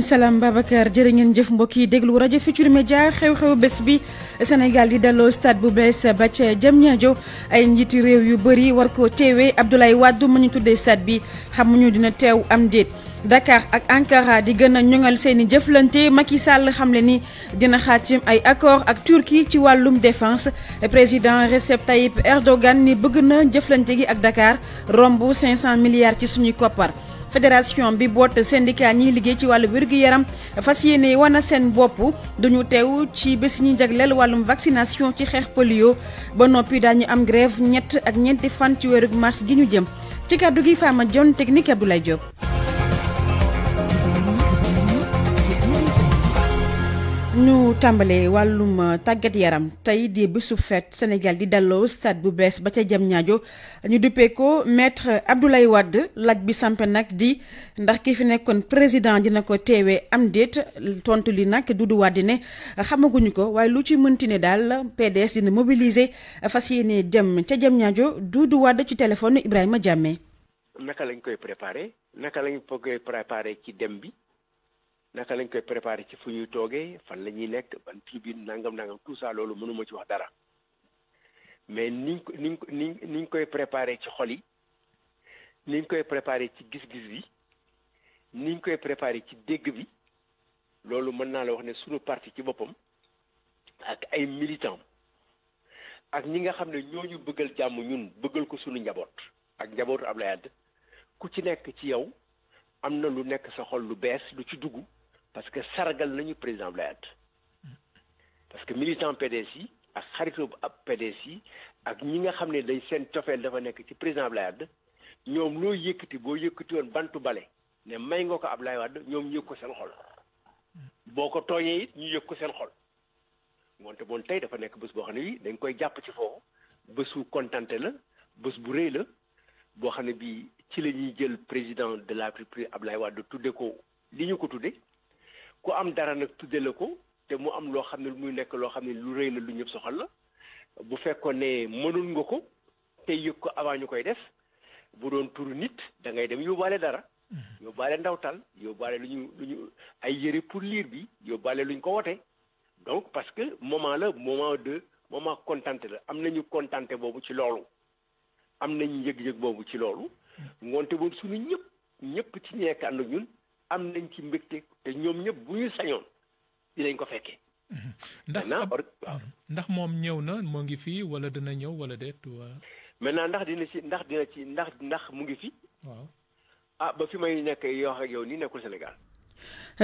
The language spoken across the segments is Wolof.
maaleykum salaam Babacar jërë ngeen jëf mbokk yi déglu rajo Futurs Médias xew-xew bés bi Sénégal di daloo stade bu bees ba ca Diamniadio ay njiitu réew yu bëri war ko teewee Abdoulaye wadd mu ñu tuddee stade bi xamuñu dina teew am déet. Dakar ak Ankara di gën a ñoŋal seen i jëflante Macky Sall xamle ni dina xaatim ay accord ak Turquie ci wàllum défense président Recep Tayyip Erdogan ni bëgg na jëflante gi ak Dakar romb 500 milliards ci suñuy koppar. fédération bi boot syndicat ñiy liggéey ci wàllu wér-gu-yaram fas yéene wana seen bopp duñu teew ci bés ñi jagleel wàllum vaccination ci xeex polio ba noppi daañu am grève ñett ak ñeenti fan ci weeru mars gi ñu jëm ci kaddu gi Fama Dione technique lay Diop ñu tàmbalee wàllum euh, tàggat yaram tey di bésu fête Sénégal di dalloo stade bu bees ba ca jam ñaajo ñu duppeekoo ko maître Abdoulaye Wade laaj bi sampe nag di ndax ki fi nekkoon président dina ko teewee am déet tontu li nag Doudou Wade ne xamaguñu ko waaye lu ci mënti ne daal PDS dina mobiliser fas yéene dem ca jëm ñaajo Doudou Wade ci téléphone Ibrahima Diamé. naka lañ koy préparé naka lañ koy préparé ci dem bi. naka lañ koy préparer ci fu ñuy toogee fan la ñuy lekk ban biir nangam nangam tout ça loolu mënuma ci wax dara mais niñ ko niñ ko niñ niñ koy préparer ci xol yi niñ koy préparer ci gis-gis bi niñ koy préparer ci dégg bi loolu mën naa la wax ne suñu parti ci boppam ak ay militant ak ñi nga xam ne ñooñu bëggal jàmm ñun bëggal ko suñu njaboot ak njabootu Ablaye Wade ku ci nekk ci yow am na lu nekk sa xol lu bees lu ci dugg parce que sargal nañu président Abdoulaye Wade parce que militant PDS yi ak bu ab PDS yi ak ñi nga xam ne dañ seen cofeel dafa nekk ci président Abdoulaye Wade ñoom loo yëkkati boo yëkkati woon bantu bale ne may nga ko Abdoulaye Wade ñoom yëg ko seen xol boo ko tooñee it ñu yëg ko seen xol wante boon tey dafa nekk bés boo xam ne bii dañ koy jàpp ci foofu bësu kontante la bés bu rëy la boo xam ne bii ci la ñuy jël président de la République Abdoulaye Wade tudde ko li ñu ko tudde ku am dara nag tuddee la ko te mu am loo xam ne muy nekk loo xam ne lu rëy la lu ñëpp soxal la bu fekkoon ne mënul nga ko te yëg ko avant ñu koy def bu doon turu nit dangay ngay dem yóbbaale dara. Mm-hmm. yóbbaale ndawtal yóbbaale lu ñu lu ñu ay yëre pour liir bi yóbbaale lu ñu ko wote donc parce que moment la moment de moment contenté la am nañu contenté boobu ci loolu am nañu yëg-yëg boobu ci loolu. Mm-hmm. ngoonte boobu suñu ñëpp ñëpp ci ñekk ànd ak ñun. am nañ ci mbégte te ñoom ñëpp bu ñu sañoon dinañ ko fekkee. Mhm. ndax mhm. ndax moom ñëw na moo ngi fii wala dina ñëw wala déet wala. maintenant ndax dina ci ndax dina ci ndax ndax mu ngi fi. waaw ah ba fi may nekk yoo xam yow nii nekkul Sénégal.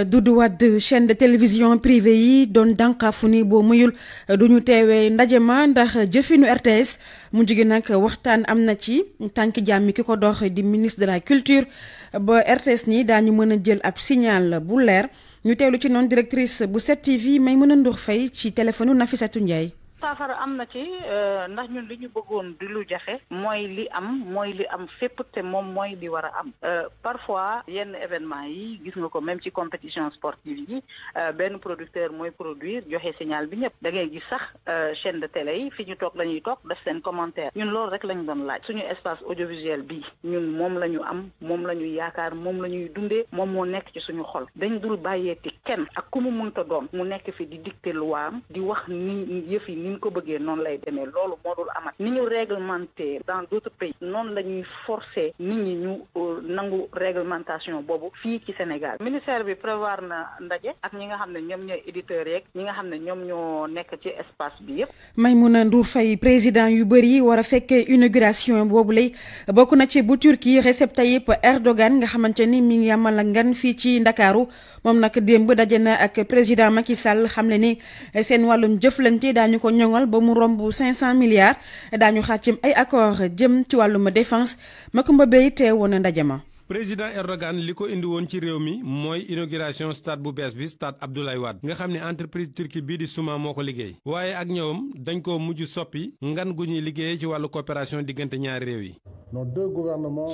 du Wade chaine de télévision privée yi doon dànkaafu ni boo muyul du ñu teewee ndaje ma ndax jëfinu RTS mu jigi nag waxtaan am na ci tànk jàmmi ki ko dox di ministre de la culture ba RTS nii daañu mën a jël ab signal bu leer ñu teewlu ci noonu directrice bu 7TV Maïmouna ndox Faye ci téléphone Nafissatou Ndiaye saafara am na ci euh, ndax ñun li ñu bëggoon di lu jafe mooy li am mooy li am fépp te moom mooy li war a am euh, parfois yenn événement yi gis nga ko même ci compétition sportive yi euh, benn producteur mooy produire joxe signal bi ñëpp da ngay gis sax chaîne de télé yi fi ñu toog la toog def seen commentaire ñun loolu rek lañ doon laaj suñu espace audiovisuel bi ñun moom la ñu am moom la ñu yaakaar moom la ñuy dundee moom moo nekk ci suñu xol dañ dul bàyyeeti kenn ak ku mu mu nekk fi di dicter loi am ni ñu ko bëggee noonu lay demee loolu moo dul amat ni ñu réglementé dans d'autres pays noonu la ñuy forcer nit ñi ñu euh, nangu réglementation boobu fii ci Sénégal ministère bi prévoir na ndaje ak ñi nga xam ne ñoom ñooy éditeurs yeeg ñi nga xam ne ñoom ñoo nekk ci espace bi yëpp. Maimouna Ndour Faye président yu bëri war a fekkee inauguration boobu lay bokk na ci bu Turquie Recep Tayyip Erdogan nga xamante ni mi ngi amal ngan fii ci Ndakaaru moom nag démb daje na ak président Macky Sall xam ne ni seen wàllum jëflante daañu ko. ñoŋal ba mu romb 500 milliards daañu xàccim ay accord jëm ci wàlluma ma défense ma Bey teewoon na ndaje ma président Erdogan li ko indi woon ci réew mi mooy inauguration stade bu bees bi stade Abdoulaye Wade nga xam ne entreprise turquie bii di suma moo ko liggéey waaye ak ñëwam dañ ko mujj soppi ngan gu ñuy liggéeye ci wàllu coopération diggante ñaari réew yi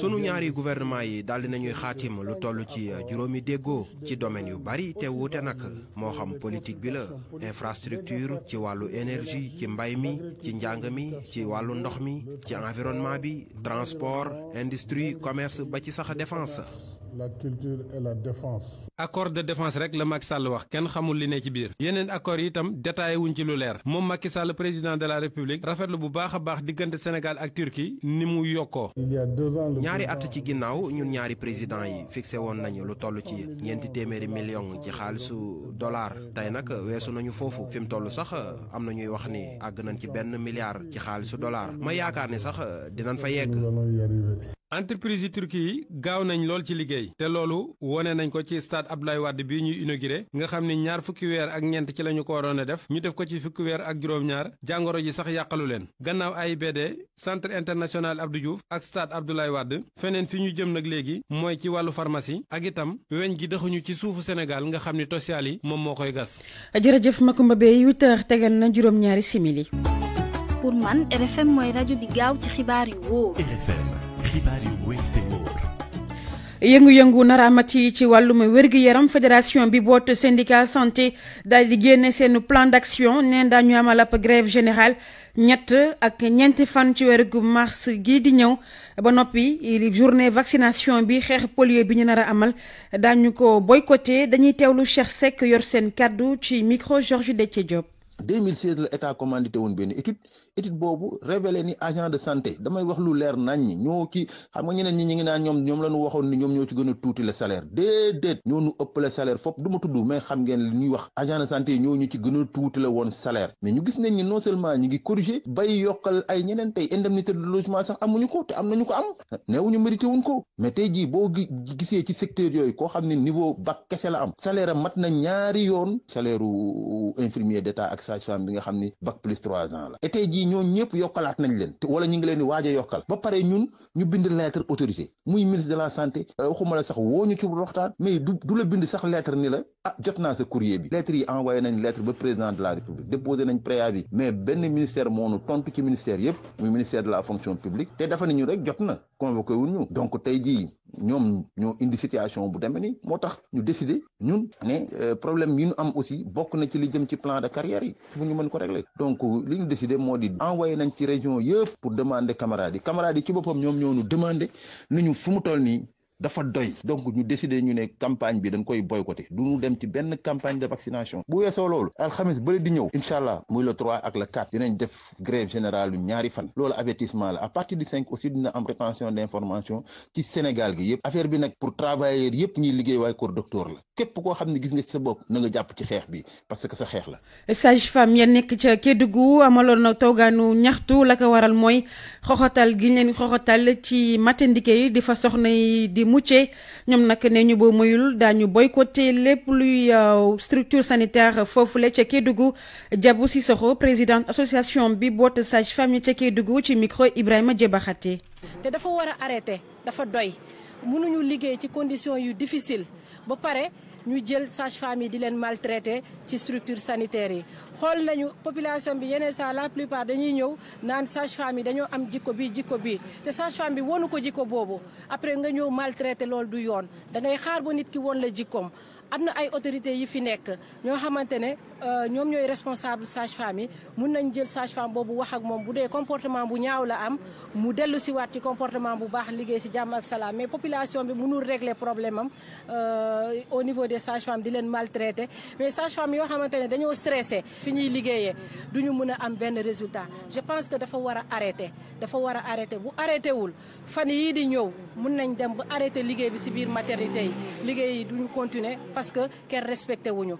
sunu ñaari gouvernement yi daal dinañuy xaatim lu toll ci euh, juróomi déggoo ci domaine yu bari te wuute nag moo xam politique bi la infrastructure ci wàllu énergie ci mbay mi ci njàng mi ci wàllu ndox mi ci environnement bi transport industrie commerce ba ci défense. la culture de défense rek la mag Sall wax kenn xamul li ne ci biir. yeneen accords yi itam détaillé wuñ ci lu leer. moom Macky Sall président de la république. rafetlu bu baax a baax diggante Sénégal ak Turquie ni mu yokkoo. ñaari at ci ginnaaw ñun ñaari président yi fixé woon nañu lu toll ci ñeenti téeméeri million ci xaalisu dollar. tey nag weesu nañu foofu fi mu toll sax am na ñuy wax ni àgg nañ ci benn milliard ci xaalisu dollar ma yaakaar ni sax dinañ fa yegg. entreprise yi turquie yi gaaw nañ lool ci liggéey te loolu wone nañ ko ci stade Abdoulaye Wade bi ñuy inauguré nga xam ni ñaar fukki weer ak ñeent ci la ñu ko waroon a def ñu def ko ci fukki weer ak juróom-ñaar jàngoro ji sax yàqalu leen gannaaw ay AIBD centre international Abdou Diouf ak stade Abdoulaye wadd feneen fi ñu jëm nag léegi mooy ci wàllu pharmacie ak itam weñ gi dëxuñu ci suufu Sénégal nga xam ni Tosyali yi moom moo koy gas. jërëjëf jëf Bey 8h tegal na juróom-ñaari simili. xibaar yu wér te yëngu-yëngu nar amati ci wàllum wér-gu-yaram fédération bi boot syndicat santé daal di génne seen plan d'action neen daañu amal ab grève générale ñett ak ñeenti fan ci weeru mars gii di ñëw ba noppi journée vaccination bi xeex polio bi ñu nar a amal daañu ko boycotté dañuy teewlu Cheikh Seck yor seen kàddu ci micro Georges Déthié Diop. 2016 la état étude boobu révélé ni agent de santé damay wax lu leer nañ ñi ñoo ci xam nga ñeneen ñi ñu ngi naan ñoom ñoom la ñu waxoon ni ñoom ñoo ci gën a tuuti la salaire déedéet ñoo ñu ëppale salaire fop du ma tudd mais xam ngeen li ñuy wax agent de santé yi ñoo ñu ci gën a tuuti la woon salaire mais ñu gis nañ ni non seulement ñi ngi corrigé bay yokkal ay ñeneen tey indemnité de logement sax amuñu ko te am nañu ko am ñu mérité wuñ ko mais tey jii boo gisee ci secteur yooyu koo xam ne niveau bac kese la am salaire mat na ñaari yoon salaire u infirmier d'état ak sage bi nga xam ni bac plus trois la yi ñoo ñëpp yokkalaat nañ leen te wala ñu ngi leen di waaj a yokkal ba pare ñun ñu bind lettre autorité muy ministre de la santé euh, waxuma la sax woo ñu ci waxtaan mais du du la bind sax lettre ni la ah jot naa sa courrier bi lettre yi envoyé nañ lettre ba président de la république déposé nañ préavis mais benn ministère moonu tontu ci ministère yëpp muy ministère de la fonction publique te dafa ne ñu rek jot na convoqué wuñ ñu donc tey jii ñoom ñoo indi situation bu demee ni moo tax ñu décider ñun ne euh, problème yi ñu am aussi bokk na ci li jëm ci plan de carrière yi bu ñu mën ko régler donc li ñu décider moo di envoyé nañ ci région yëpp pour demander camarades yi camarades yi ci boppam ñoom ñoo nu demander nu ñu fu mu toll nii dafa doy donc ñu décider ñu ne campagne bi dañ koy boycotter du ñu dem ci benn campagne de vaccination bu weesoo loolu alxames bële di ñëw incha allah muy le 3 ak le 4 dinañ def grève générale ñaari fan loolu avertissement la à partir Sénégal gi yëpp affaire bi nag pour travailleurs yëpp ñuy liggéey waaye corps docteur la képp koo xam ne gis nga ci sa bopp na jàpp ci xeex bi parce que sa xeex la. sage-femme ya nekk ca Kédougou amaloon na toogaanu ñaxtu muccee ñoom nag ne ñu ba moyul daañu boycotté lépp luy euh, structure sanitaire foofule ca Kédougou Diabou Cissokho président association bi boot sage-femme yi ca Kédougou ci micro Ibrahima Diabakhate te dafa war a arrêté dafa doy mënuñu liggéey ci condition yu difficile ba pare ñu jël sage-femme yi di leen maltraité ci structure sanitaire yi xool nañu population bi yeneen saa la plupart dañuy ñëw naan sage-femme yi dañoo am jikko bi jikko bi te sage-femme bi wonu ko jikko boobu après nga ñëw maltraité loolu du yoon da ngay xaar ba nit ki woon la jikkoom am na ay autorités yi fi nekk ñoo xamante ne Euh, ñoom ñooy responsable sage yi mun nañ jël sage boobu wax ak moom bu dee comportement bu ñaaw la am mu dellu si waat ci comportement bu baax liggéey si jàmm ak salaam mais population bi mënul régler problème am euh, au niveau des sages di leen maltraité mais sage-femme yoo xamante ne dañoo stressé fi ñuy liggéeyee du ñu a am benn résultat je pense que dafa war a arrêté dafa war a arrêté bu arrêté wul fan yii di ñëw mun nañ dem ba arrêté liggéey bi si biir maternité yi liggéey du ñu continuer parce que kenn respecté wuñu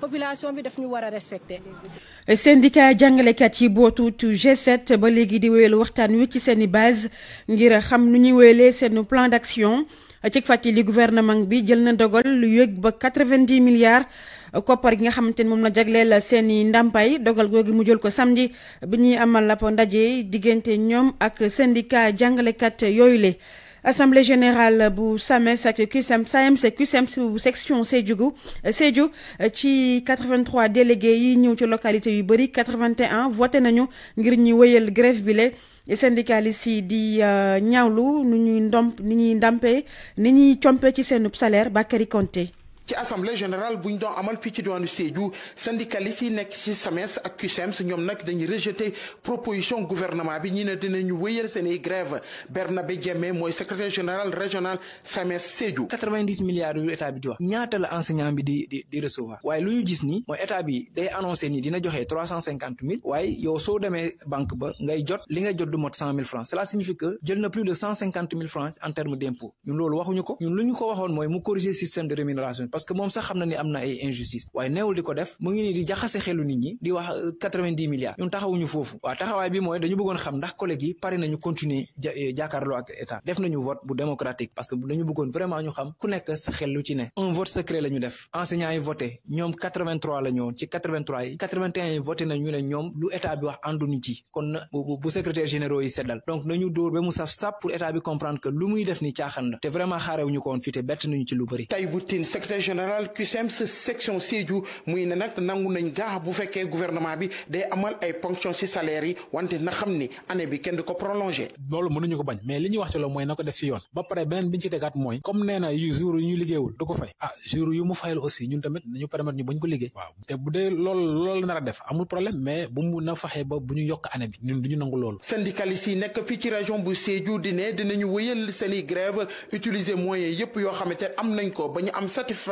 population bi daf ñu ñu war a respecté. syndicat jàngalekat yi bootu G7 ba léegi di wéyal waxtaan wi ci seen i base ngir xam nu ñuy wéyalee seen plan d'action ci fàttali gouvernement bi jël na dogal lu yëg ba 90 milliards. koppar gi nga xamante ni moom la jagleel seen i ndàmpaay dogal googu mu jël ko samedi bi ñuy amal la po ndaje diggante ñoom ak syndicat jàngalekat yooyu le assemblée générale bu SAMES ak CUSEMS SAEMS ak CUSEMS bu section Sédhiou euh, Sédhiou euh, ci 83 délégués yi ñëw ci localité yu bëri 81 voté nañu ngir ñu wéyal grève bi le syndicalistes yi di euh, ñaawlu nu ñuy ndomp ni ñuy ndàmpee ni ñuy compe ci seen seenub salaire Bakary Konté ci assemblée générale bu ñu doon amal fii ci diwaanu Sédhiou nekk ci SAMES ak CUSEMS ñoom nag dañuy rejeté proposition gouvernement bi ñi ne dinañu wéyal seen i grève Bernabé Diémé mooy secrétaire général régional SAMES Sédhiou. 90 milliards état bi di wax enseignant bi di di di lu ñu gis nii mooy état bi day annoncé ni dina joxe 350 000 waaye yow soo demee banque ba ngay jot li nga jot du mot 100 000 parce que moom sax xam na ni am na ay injustice waaye neewul di ko def mu ngi nii di jaxase xelu nit ñi di wax euh, quatre-vingt-dix milliards ñun taxawuñu foofu waaw taxawaay bi mooy dañu bëggoon xam ndax collègue yi pare nañu continuer euh, jàkkaarloo ak état def nañu vote bu démocratique parce que dañu bëggoon vraiment ñu xam ku nekk sa ci ne un vote secret la ñu def enseignants yi voté ñoom quatre-vingt-trois la ñu woon ci quatre-vingt-trois yi quatre-vingt-un ñoom lu état général CUSEMS section Sédhiou muy nangu nañ gaax bu fekkee gouvernement bi day amal ay ponction ci salaire wante na xam ni année kenn du ko prolongé. loolu mënuñu ko bañ mais li ñu wax ci loolu def ci yoon ba pare beneen bi ñu ci mooy comme nee jour yu ñu liggéeyul du ko fay ah jour yu mu fayal aussi ñun tamit nañu permettre ñu bañ ko liggéey waaw te bu dee loolu loolu la def amul problème mais bu na faxee ba bu ñu yokk année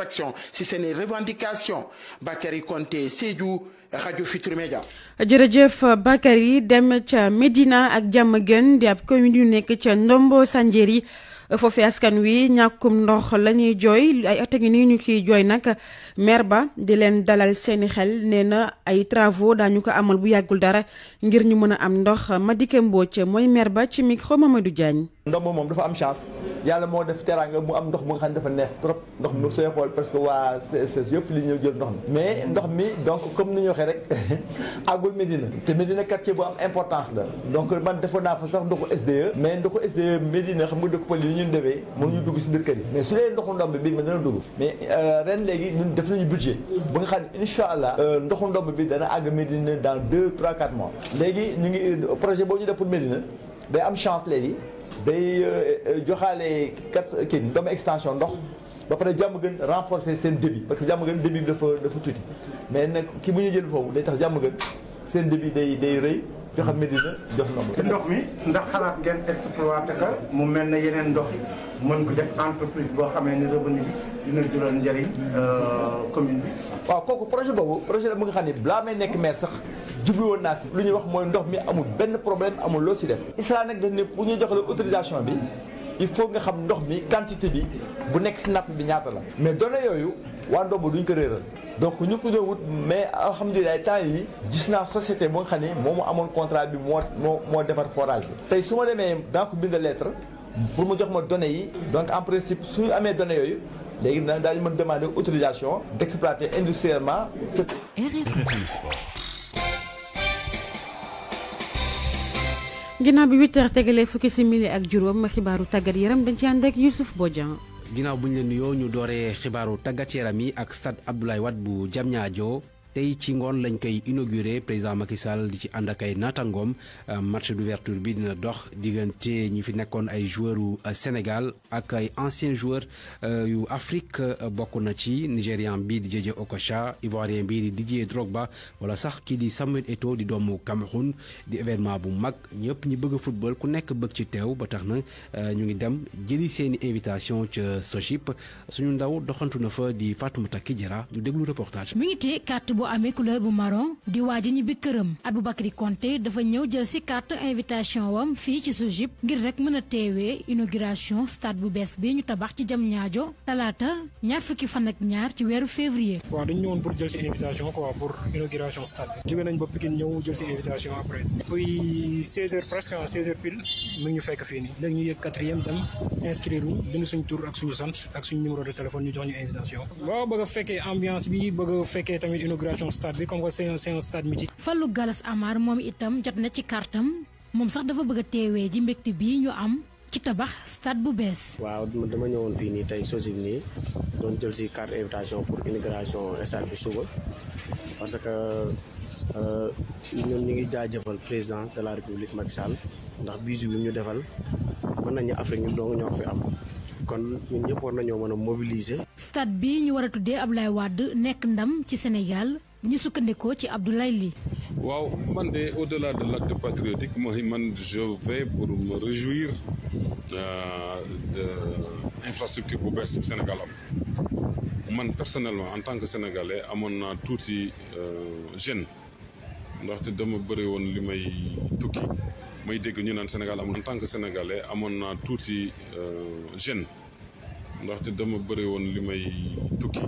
satisfaction si seeni revendication Bakary Konté Sédhiou rajo Futurs Médias jërëjëf Bakary dem ca Médina ak jàmm gën di ab commune yu nekk ca Ndombo Sanjeri foofu askan wi ñàkkum ndox la ñuy jooy ay at a ngi ñu ciy jooy nag maire ba di leen dalal seeni xel nee na ay travaux daañu ko amal bu yàggul dara ngir ñu mën a am ndox ma Madické Mbodj mooy maire ba ci micro Mamadou Diagne. Ndombo moom dafa am chance. yàlla moo def teraanga mu am ndox mu nga xam ne dafa neex trop ndox mu sooy xool parce que waa CSS yëpp li ñu jël ndox mi mais ndox mi donc comme ni ñu waxee rek àggul Médina te Médina quartier bu am importance la donc man defoon naa fa sax ndoxu SDE mais ndoxu SDE Médina xam nga dëkk pël yi ñun defee ñu dugg si biir kër yi mais su dee ndoxu ndomb bi ma dana dugg mais euh, ren léegi ñun def nañu budget bu nga xam ne incha allah euh, ndoxu ndomb bi dana àgg Médina dans deux trois quatre mois léegi ñu ngi ñu def pour Médina day am chance léegi day euh, euh, joxaale kat kii doomu extension ndox ba pare jàmm gën renforcer seen débit parce que jàmm gën débit bi dafa dafa tuti mais nag ki mu ñu jël foofu day tax jàmm gën seen débit day day rëy joxal Medina jox na ko. ndox mi ndax xalaat ngeen exploité ka mu mel ne yeneen ndox yi mën ko def entreprise boo xamee ne revenu bi dina jural njëriñ euh, commune bi. waaw kooku projet boobu projet la mu nga xam ne balaa nekk maire sax jubluwoon naa si. lu ñuy wax mooy ndox mi amul benn problème amul loo si def. ISRA nag dañ ne bu ñu joxalee autorisation bi. il faut nga xam ndox mi quantité bi bu nekk si napp bi ñaata la mais données yooyu waa ndomb duñ ko réeral donc ñu ko doon wut mais alhamdulilah temps yi gis naa société bu nga xam ne moom amoon contrat bi moo moo moo defar forage tey su ma demee daa ko bind lettre pour mu jox ma données yi donc en principe su amee données yooyu léegi dinañ daal di mën demander autorisation d' exploiter industriellement ce. ginnaaw bi 8h tegalee fukki simili ak juróom xibaaru tàggat yaram dañ ci ànd ak Youssouf Bodian. ginnaaw bu ñu leen yoo ñu dooree xibaaru tàggat yaram yi ak stade Abdoulaye wat bu Diamniadio tey ci ngoon lañ koy inauguré président Macky Sall di ci ànd ak ay naatangoom euh, match d'ouverture bi dina dox diggante ñi fi nekkoon ay joueurs euh, Sénégal ak ay anciens joueurs euh, yu Afrique bokk na ci Nigérian bii di Didier Okocha Ivoirien bii di Didier ba wala sax kii di Samuel Eto'o di doomu Cameroun di événement bu mag ñëpp ñi bëgg a football ku nekk bëgg ci teew ba tax na ñu ngi dem jëli seeni invitation ca Sochip suñu ndaw doxantu na fa di Fatoumata Kijera ñu déglu bu amee couleur bu marron di waaj a ñibbi këram Aboubacry Konté dafa ñëw jël si carte invitation wam fii ci SOGIP ngir rek mën a teewee inauguration stade bu bees bi ñu tabax ci jam ñaajo talaata ñaar fukki fan ak ñaar ci weeru février. waaw dañu ñëwoon pour jël si invitation quoi pour inauguration stade bi. jóge nañ ba Pikine ñëw jël si invitation après. depuis 16h presque en 16h ngi ñu fekk fii nii. léegi ñu yëg quatrième dem inscrire ñu bind suñu tur ak suñu sant ak suñu numéro de téléphone ñu jox rénovation stade bi comme que c'est un c'est un stade mythique. Fallou Gallas Amar moom itam jot na ci kartam moom sax dafa bëgg a teewee ji mbégte bii ñu am ci tabax stade bu bees. waaw dama ñëwoon fii nii tey Sosib nii doon jël si carte invitation pour inauguration stade bi suba parce que euh, ñun ñu ngi jaajëfal président de la république Macky Sall ndax bisu bi mu ñu defal mën nañu Afrique ñun dong ñoo ko fi am. kon ñun ñëpp war nañoo mën a mobiliser. stade bi ñu war a tuddee Abdoulaye Wade nekk ndam ci Sénégal. ñu sukkandikoo ci Abdoulaye Ly. waaw man de au-delà de l'acte patriotique mooy man je vais pour me réjouir euh, infrastructure bu bees bu Sénégal am man personnellement en tant que sénégalais amoon naa tuuti jeune ndaxte dama bëri woon li may tukki. may dégg ñu naan Sénégal amul en tant que sénégalais amoon naa tuuti euh, gêne ndaxte dama bëri woon li may tukki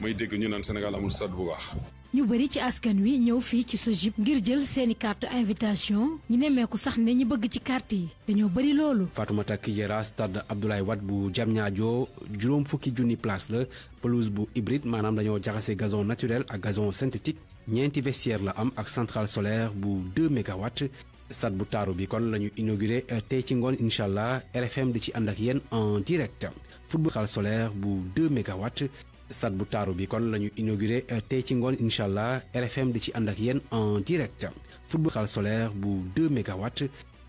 may dégg ñu naan Sénégal amul stade bu waax ñu bëri ci askan wi ñëw fii ci SOGIP ngir jël seeni carte invitation ñu nemmeeku sax ne ñi bëgg ci carte yi dañoo bëri loolu. Fatoumata Kijera stade Abdoulaye Wade bu Diamniadio juróom fukki junni place la pelouse bu hybride maanaam dañoo jaxasee gazon naturel ak gazon synthétique ñeenti vestiaire la am ak centrale solaire bu 2 mégawatts stade bu taaru bi kon la ñu inauguré euh, tey ci ngoon incha allah RFM di ci ànd ak yéen en direct football salle solaire bu 2 mégawatts stade bu taaru bi kon la ñu inauguré euh, tey ci ngoon incha allah RFM di ci ànd ak yéen en direct football salle solaire bu 2 mégawatts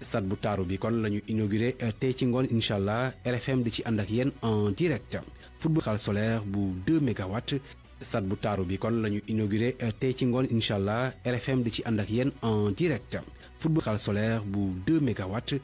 stade bu taaru bi kon la ñu inauguré euh, tey ci ngoon incha allah RFM di ci ànd ak yéen en direct football salle solaire bu 2 mégawatts stade bu taaru bi kon la ñu inauguré euh, tey ci ngoon incha allah RFM di ci ànd ak yéen en direct football solaire bu 2 mégawatts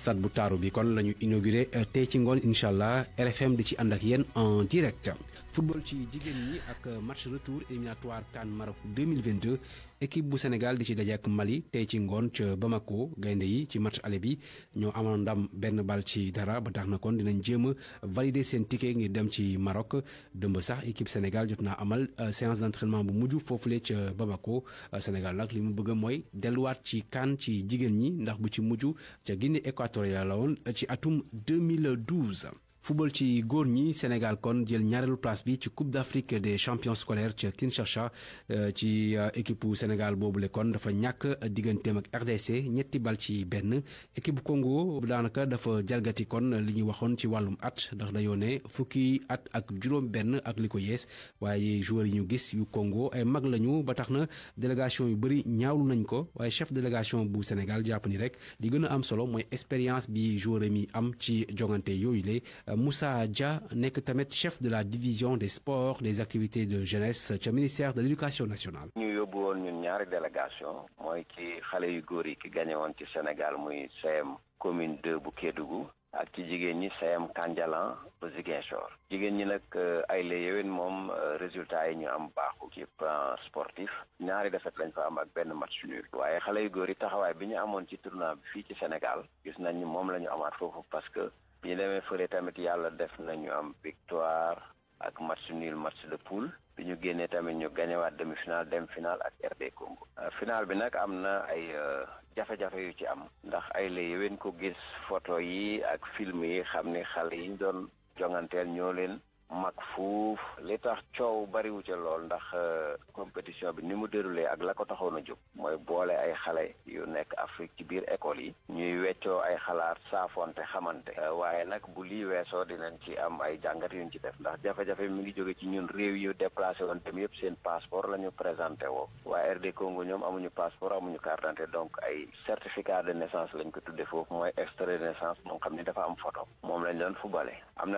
stade bu taaru bi kon la ñu inauguré euh, tey ci ngoon incha allah RFM di ci ànd ak yenn en direct football ci jigéen ñi ak euh, match retour éliminatoire CAN Maroc 2022 équipe bu Sénégal di ci daje ak Mali tey ci ngoon ca Bamako gaynde yi ci match ale bi ñoo amoon ndam benn bal ci dara ba tax na kon dinañ jéem a valider seen ticket ngir dem ci Maroc dëmb sax équipe Sénégal jot naa amal euh, séance d'entraînement bu mujj foofule ca Bamako euh, Sénégal nag li mu bëgg mooy delluwaat ci CAN ci jigéen ñi ndax bu ci mujj ca Guinée équatoriale la woon euh, ci atum 2012. football ci góor ñi Sénégal kon jël ñaareelu place bi ci coupe d'Afrique des champions scolaires ca Kinshasa euh, ci euh, équipe Sénégal boobule kon dafa ñàkk digganteem ak RDC ñetti bal ci benn équipe Congo daanaka dafa jalgati kon li ñuy waxoon ci wàllum at ndax dañoo ne fukki at ak juróom-benn ak li ko yees waaye joueurs yi ñu gis yu Congo ay mag lañu ba tax na délégation yu bëri ñaawlu nañ ko waaye chef délégation bu Sénégal jàpp ni rek li gën a am solo mooy expérience bi joueurs mi am ci jongante yooyu la musa Dia nekk tamit chef de la division des sports des activités de jeunesse ca ministère de l'éducation nationale. ñu yóbbu woon ñun ñaari délégation mooy ci xale yu góor yi ki gagné woon ci Sénégal muy CM commune 2 bu Kédougou. ak ci jigéen ñi sayam Kanjalan ba Ziguinchor jigéen ñi nag euh, ay la moom euh, résultat yi ñu am baaxu ci plan sportif ñaari defet lañ fa am ak benn match nul waaye xale yu góor yi taxawaay bi ñu amoon ci tournoi bi fii ci Sénégal gis nañ moom la ñu amaat foofu parce que bi ñu demee fële tamit yàlla def nañu am victoire ak match nul match de poule bi ñu génnee tamit ñu gañewaat demi final dem final ak RD Congo euh, final bi nag am na ay euh, jafe-jafe yu ci am ndax ay la ko gis photo yi ak film yi xam ni xale yi ñu doon jonganteel ñoo leen mag fuuf li tax coow bariwu ca lool ndax euh, compétition bi ni mu déroulé ak la ko taxoon a jóg mooy boole ay xale yu nekk Afrique ci biir école yi ñuy wecco ay xalaat saafonte xamante euh, waaye nag bu lii weesoo dinañ ci am ay jàngat yuñ ci def ndax jafe-jafe mu ngi jóge ci ñun réew yu déplacé woon dem yëpp seen passeport la ñu présenté woo waaye RD Congo ñoom amuñu passeport amuñu carte d'identité donc ay certificat de naissance lañ ko tuddee foofu mooy extrait de naissance moom xam ni dafa am photo moom lañ doon fubale am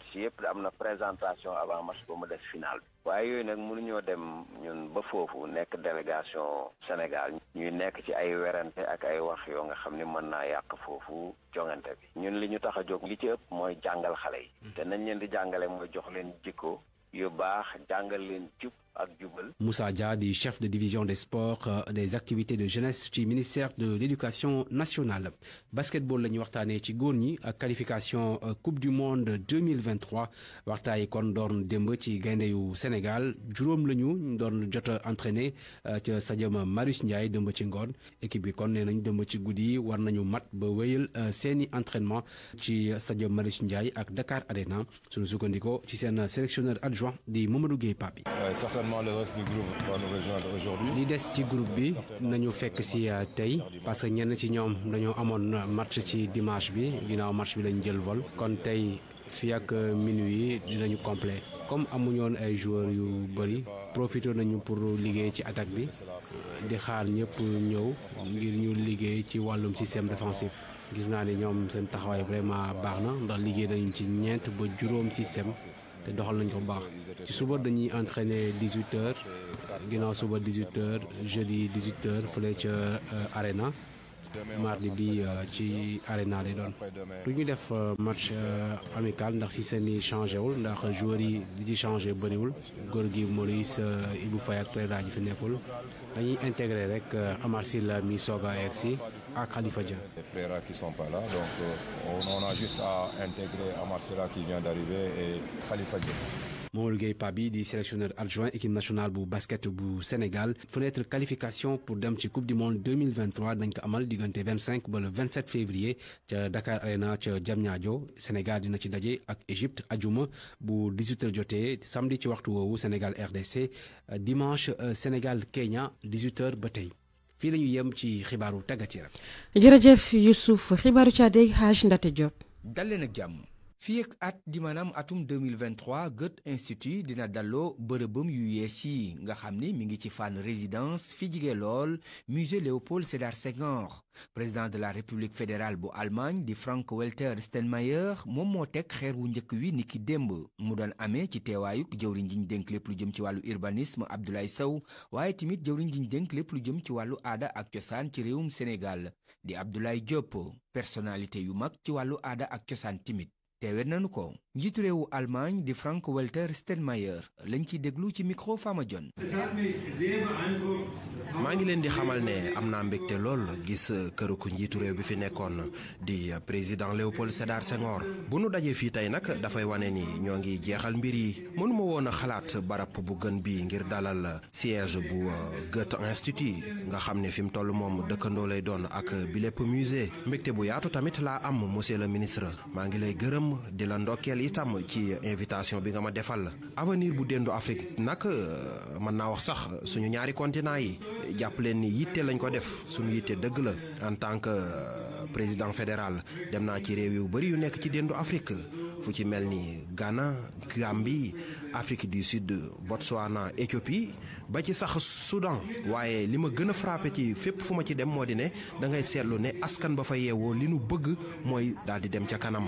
match yëpp am na présentation avant match ba mu des final bi waaye yooyu nag mënuñoo dem ñun ba foofu nekk délégation Sénégal ñuy nekk ci ay werante ak ay wax yoo nga xam ni mën naa yàq foofu jongante bi ñun li ñu tax a jóg li ci ëpp mooy jàngal xale yi hmm. te nañ leen di jàngale mooy jox leen jikko yu baax jàngal leen jub ak jubal. Dia di chef de division des sports euh, des activités de jeunesse ci ministère de l'éducation nationale basketball la ñuy waxtaanee ci góor ñi ak qualification euh, coupe du monde 2023 yi kon doon démb ci gaynde yu Sénégal juróom la ñu doon jot a entraîné euh, ca stadium Marius Ndiaye démb ci ngoon équipe yi kon nee nañ démb ci guddi war nañu mat ba wéyal seeni entraînement ci stadium Marius Ndiaye ak Dakar Arena suñu sukkandikoo ci seen sélectionneur adjoint di Mamadou Gueye Pape. certainement le reste du groupe li des ci groupe bi nañu fekk si euh, tey parce que ñenn ci ñoom dañoo amoon euh, match ci dimanche bi ginaaw match bi lañ jël vol kon tey fii ak euh, yi dinañu complet comme amuñu woon ay joueurs yu bëri profité nañu pour liggéey ci attaque bi di xaar ñëpp ñëw ngir ñu liggéey ci wàllum système défensif. gis naa ne ñoom seen taxawaay vraiment baax na ndax liggéey nañu ci ñeent ba juróom système te doxal nañ ko bu baax ci suba dañuy entraîner dix huit heures ginnaaw suba dix huit heures jeudi dix huit heures fële ca euh, arena mardi bi euh, ci arena lay doon. du ñu def euh, match amical ndax si seen i changé wul ndax joueurs yi di ci changé bëriwul góor gi Maurice Ibou Faye ak Préda ji fi nekkul dañuy intégré rek Amar la mi soog a egg si à Khalifa Dia. Ces frères qui euh, a juste à intégrer Amar Sera qui di sélectionneur adjoint équipe nationale bu basket bu Sénégal fenêtre qualification pour dem ci coupe du monde 2023 dañ ko amal diggante 25 ba le 27 février ca Dakar Arena ca Diamniadio Sénégal dina ci daje ak Égypte ajuma bu 18h jotee samedi ci waxtu woowu Sénégal RDC dimanche euh, Sénégal Kenya 18 ba tey. fii la ñu yem ci xibaaru tàggat yaram. jërëjëf Youssouf xibaaru caa dégg Ndate Diop. dal leen ak jàmm. fii ak at di maanaam atum 2023 Goethe Institut dina dalloo bërëbam yu yees yi nga xam ni mi ngi ci fànn résidence fi jigee lool musée Léopold Sédar Senghor président de la république fédéral bu Allemagne di Frank-Walter Steinmeier moom moo teg xeer wu njëkk wi ni ki démb mu doon amee ci teewaayuk jëwriñ ji ñu dénk lépp lu jëm ci wàllu urbanisme Abdoulaye Sow waaye tamit jëwriñ ji ñu dénk lépp lu jëm ci wàllu aada ak cosaan ci réewum Sénégal di Abdoulaye Diop personnalité yu mag ci wàllu aada ak cosaan timit teewe nanu ko njiitu réewu Allemagne di Frank-Walter Steinmeier lañ ciy déglu ci micro Fama Dione. maa ngi leen di xamal ne am naa mbégte lool gis euh, këruk njiitu réew bi fi nekkoon di euh, président Léopold Sédar Senghor bu nu dajee fii tey nag dafay wane ni ñoo ngi jeexal mbir yi mënuma woon a xalaat barab bu gën bi ngir dalal siège bu euh, gët Institut nga xam ne fi mu toll moom dëkkandoo lay doon ak bi lépp musée mbégte bu yaatu tamit laa am monsieur la ministre maa ngi lay gërëm di la ndokkeel jaarale itam ci invitation bi nga ma defal la avenir bu déndu Afrique nag euh, mën naa wax sax suñu ñaari continent yi jàpp leen ni yitte lañ ko def suñu yitte dëgg la en tant que euh, président fédéral dem naa ci réew yu bëri yu nekk ci dendu Afrique fu ci mel ni Ghana Gambie Afrique du Sud Botswana Éthiopie ba ci sax Soudan waaye li ma gën a frappé fépp fu ma ci dem moo di ne da ngay seetlu ne askan ba fa yeewoo li nu bëgg mooy daal di dem ca kanam.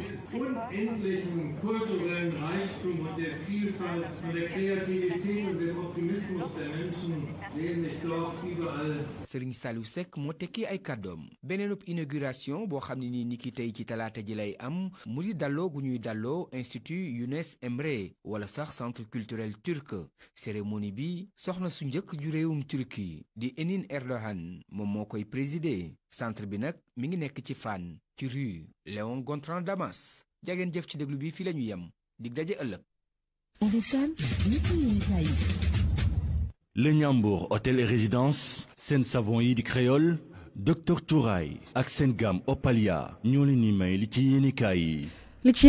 Serigne Saliou Seck moo tekki ay kàddoom beneenub inauguration boo xam ne nii ni ki tey ci talaata ji lay am mu di dalloo gu ñuy dalloo institut Younes Emre wala sax centre culturel turc cérémonie bi soxna su njëkk ju réewum turki di Enin Erdogan moom moo koy présider centre bi nag mi ngi nekk ci Fann ci rue Léon Gontran Damas jageen jëf ci déglu bi fii la ñu yem dig daje ëllëg. Le Ñambour hôtel et seen savon yi di créole docteur Touray ak seen gamme Opalia ñoo leen di may li ci yéenekaay yi. li ci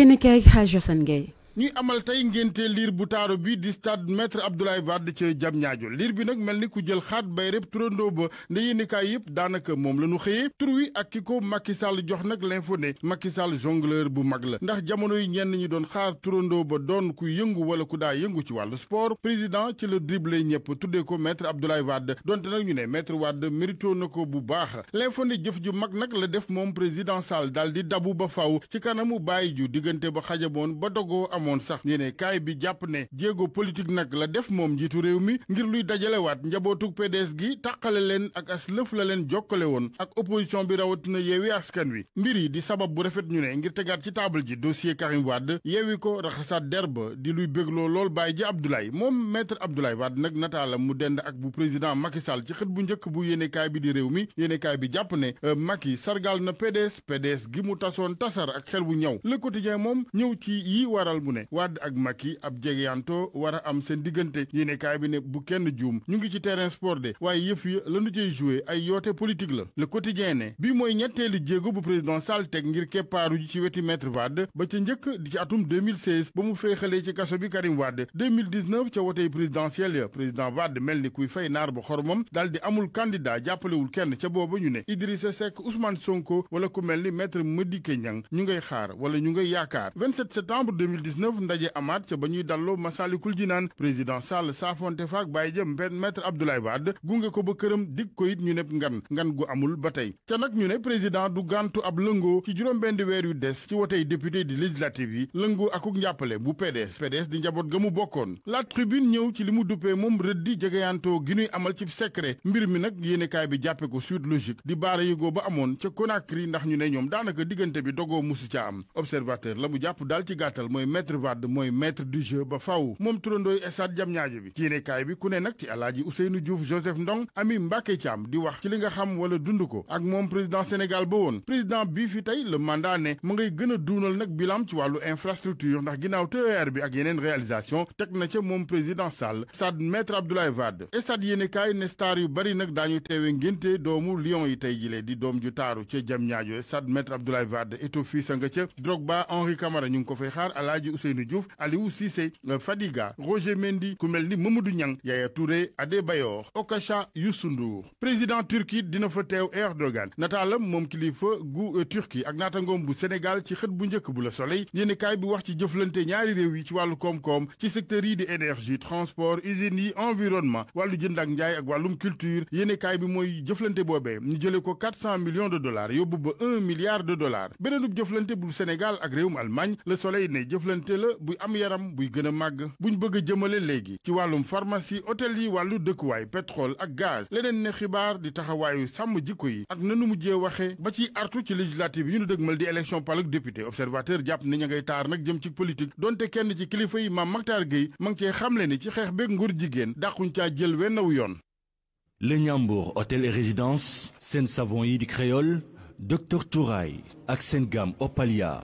ñuy amal tey ngénte liir bu taaru bi di stade maître Abdoulaye Wade ca Diamniadio liir bi nag mel ni ku jël xaat bay rëb turandoo ba nda yéenikaay yëpp daanaka moom la ñu xëyee tur wi ak ki ko Macky Sall jox nag l'info ne Macky Sall jongleur bu mag la ndax jamono yi ñenn ñi doon xaar turandoo ba doon ku yëngu wala ku daa yëngu ci wàllu sport président ci la dribble ñëpp tuddee ko maître Abdoulaye Wade donte nag ñu ne maître Wade mérito na ko bu baax l'info ne jëf ju mag nag la def moom président Sall daal di dabu ba faw ci kanamu bàyyi ju diggante ba xajaboon ba dogoo am amoon sax yéene kaay bi jàpp ne jéego politique nag la def moom njiitu réew mi ngir luy dajalewaat njabootug PDS gi taqale leen ak as lëf leen jokkale woon ak opposition bi rawatina yeewi askan wi mbir yi di sabab bu rafet ñu ne ngir tegaat ci taabal ji dossier Karim Wade yeewi ko raxasaat derba di luy bégloo lool bàyyi ji Abdoulaye moom maître Abdoulaye Wade nag nataalam mu dend ak bu président Macky Sall ci xët bu njëkk bu yéene bi di réew mi yéene bi jàpp ne euh, Macky sargal na PDS PDS gi mu tasoon tasar ak xel bu ñaw le quotidien moom ñëw ci yi waral mu ne Wade ak Macky ab jegeyanto war am seen diggante yéene kaay bi ne bu kenn juum ñu ngi ci terrain sport de waaye yëf yi lanu cey joué ay yoote politique la le quotidien ne bii mooy ñetteeli jéego bu président Sall teg ngir keppaaru ci weti maître Wade ba ca njëkk di ci atum ba mu féexalee ci kaso bi Karim Wade ca wotey présidentiel ya président Wade mel ni kuy fay naar ba xoromam daal di amul candidat jàppalewul kenn ca booba ñu ne Idrissa Seck Ousmane Sonko 2019 ndaje amaat ca ba ñuy dallo Masaalikul Jinaan président Sall saafonte faak bàyyi jëm benn maître Abdoulaye Wade gunge ko ba këram dig ko ñu nepp ngan ngan gu amul ba tey ca nag ñu ne président du gàntu ab lëngoo ci juróom-benn weer yu des ci wotey député di législative yi lëngoo akuk njàppale bu PDS PDS di njaboot ga mu bokkoon la tribune ñëw ci li mu duppee moom rëddi jegeyantoo gi nuy amal ci secret mbir mi nag yéenekaay bi jàppe ko suite logique di ba amoon ca Conakry ndax ñu ne ñoom daanaka diggante bi dogoo musu ca am la mu maître Wade mooy maître du jeu ba faaw moom turandooy estade Diamniadio bi ci yéenekaay bi ku ne nag ci alaaji Ousseynou Diouf Joseph Ndong Ami Mbacké Thiam di wax ci li nga xam wala dund ko ak moom président Sénégal ba woon président bii fi tey le mandat ne mu ngay gën a duunal nag bilam ci wàllu infrastructure ndax ginnaaw TER bi ak yeneen réalisation teg na ca moom président Sall stade maître Abdoulaye Wade estade yéenekaay ne star yu bari nag daañu teewe a Ousseynou Diouf Aliou Cissé Fadiga Roger Mendy ku mel ni Mamadou Niang Yaya Touré Adebayor Okacha Youssou Ndour président Turquie dina fa teew Erdogan nataalam moom kilifa gu euh, Turquie ak naatangoom bu Sénégal ci xët bu njëkk bu la Soleil yéenekaay bi wax ci jëflante ñaari réew yi ci wàllu koom-koom ci secteur yi di énergie transport usines yi environnement wàllu jënd ak njaay ak wàllum culture yéenekaay bi mooy jëflante boobee ñu jële ko 400 millions de dollars yóbbu ba 1 milliard de dollars beneenub jëflante bu Sénégal ak activité la buy am yaram buy gën a màgg buñ bëgg a jëmale léegi ci wàllum pharmacie hôtel yi wàllu dëkkuwaay pétrole ak gaz leneen ne xibaar di taxawaayu sàmm jikko yi ak nanu mujjee waxee ba ci artu ci législative yi ñu dëgmal di élection paluk député observateur jàpp ni ña ngay taar nag jëm ci politique donte kenn ci kilifa yi maam Mactar Gueye ma ngi cee xamle ni ci xeex beeg nguur jigéen dàquñ caa jël wennaw yoon le Ñambour hôtel et résidence seen savon yi di créole docteur Touraay ak seen gamme Opalia